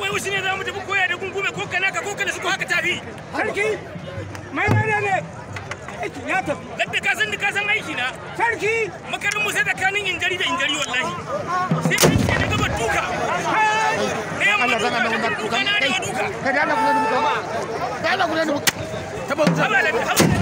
wai wasu ne za mu tafi koya da gungume ko kana ka ko kana ko haka tafi sarki mai mana ne aiki na tafi gadda ka san ka san aiki na sarki makarin mu sai injari da injari wallahi sai an ce na gaba duka ne yamma duka kula da mu kada Allah kula da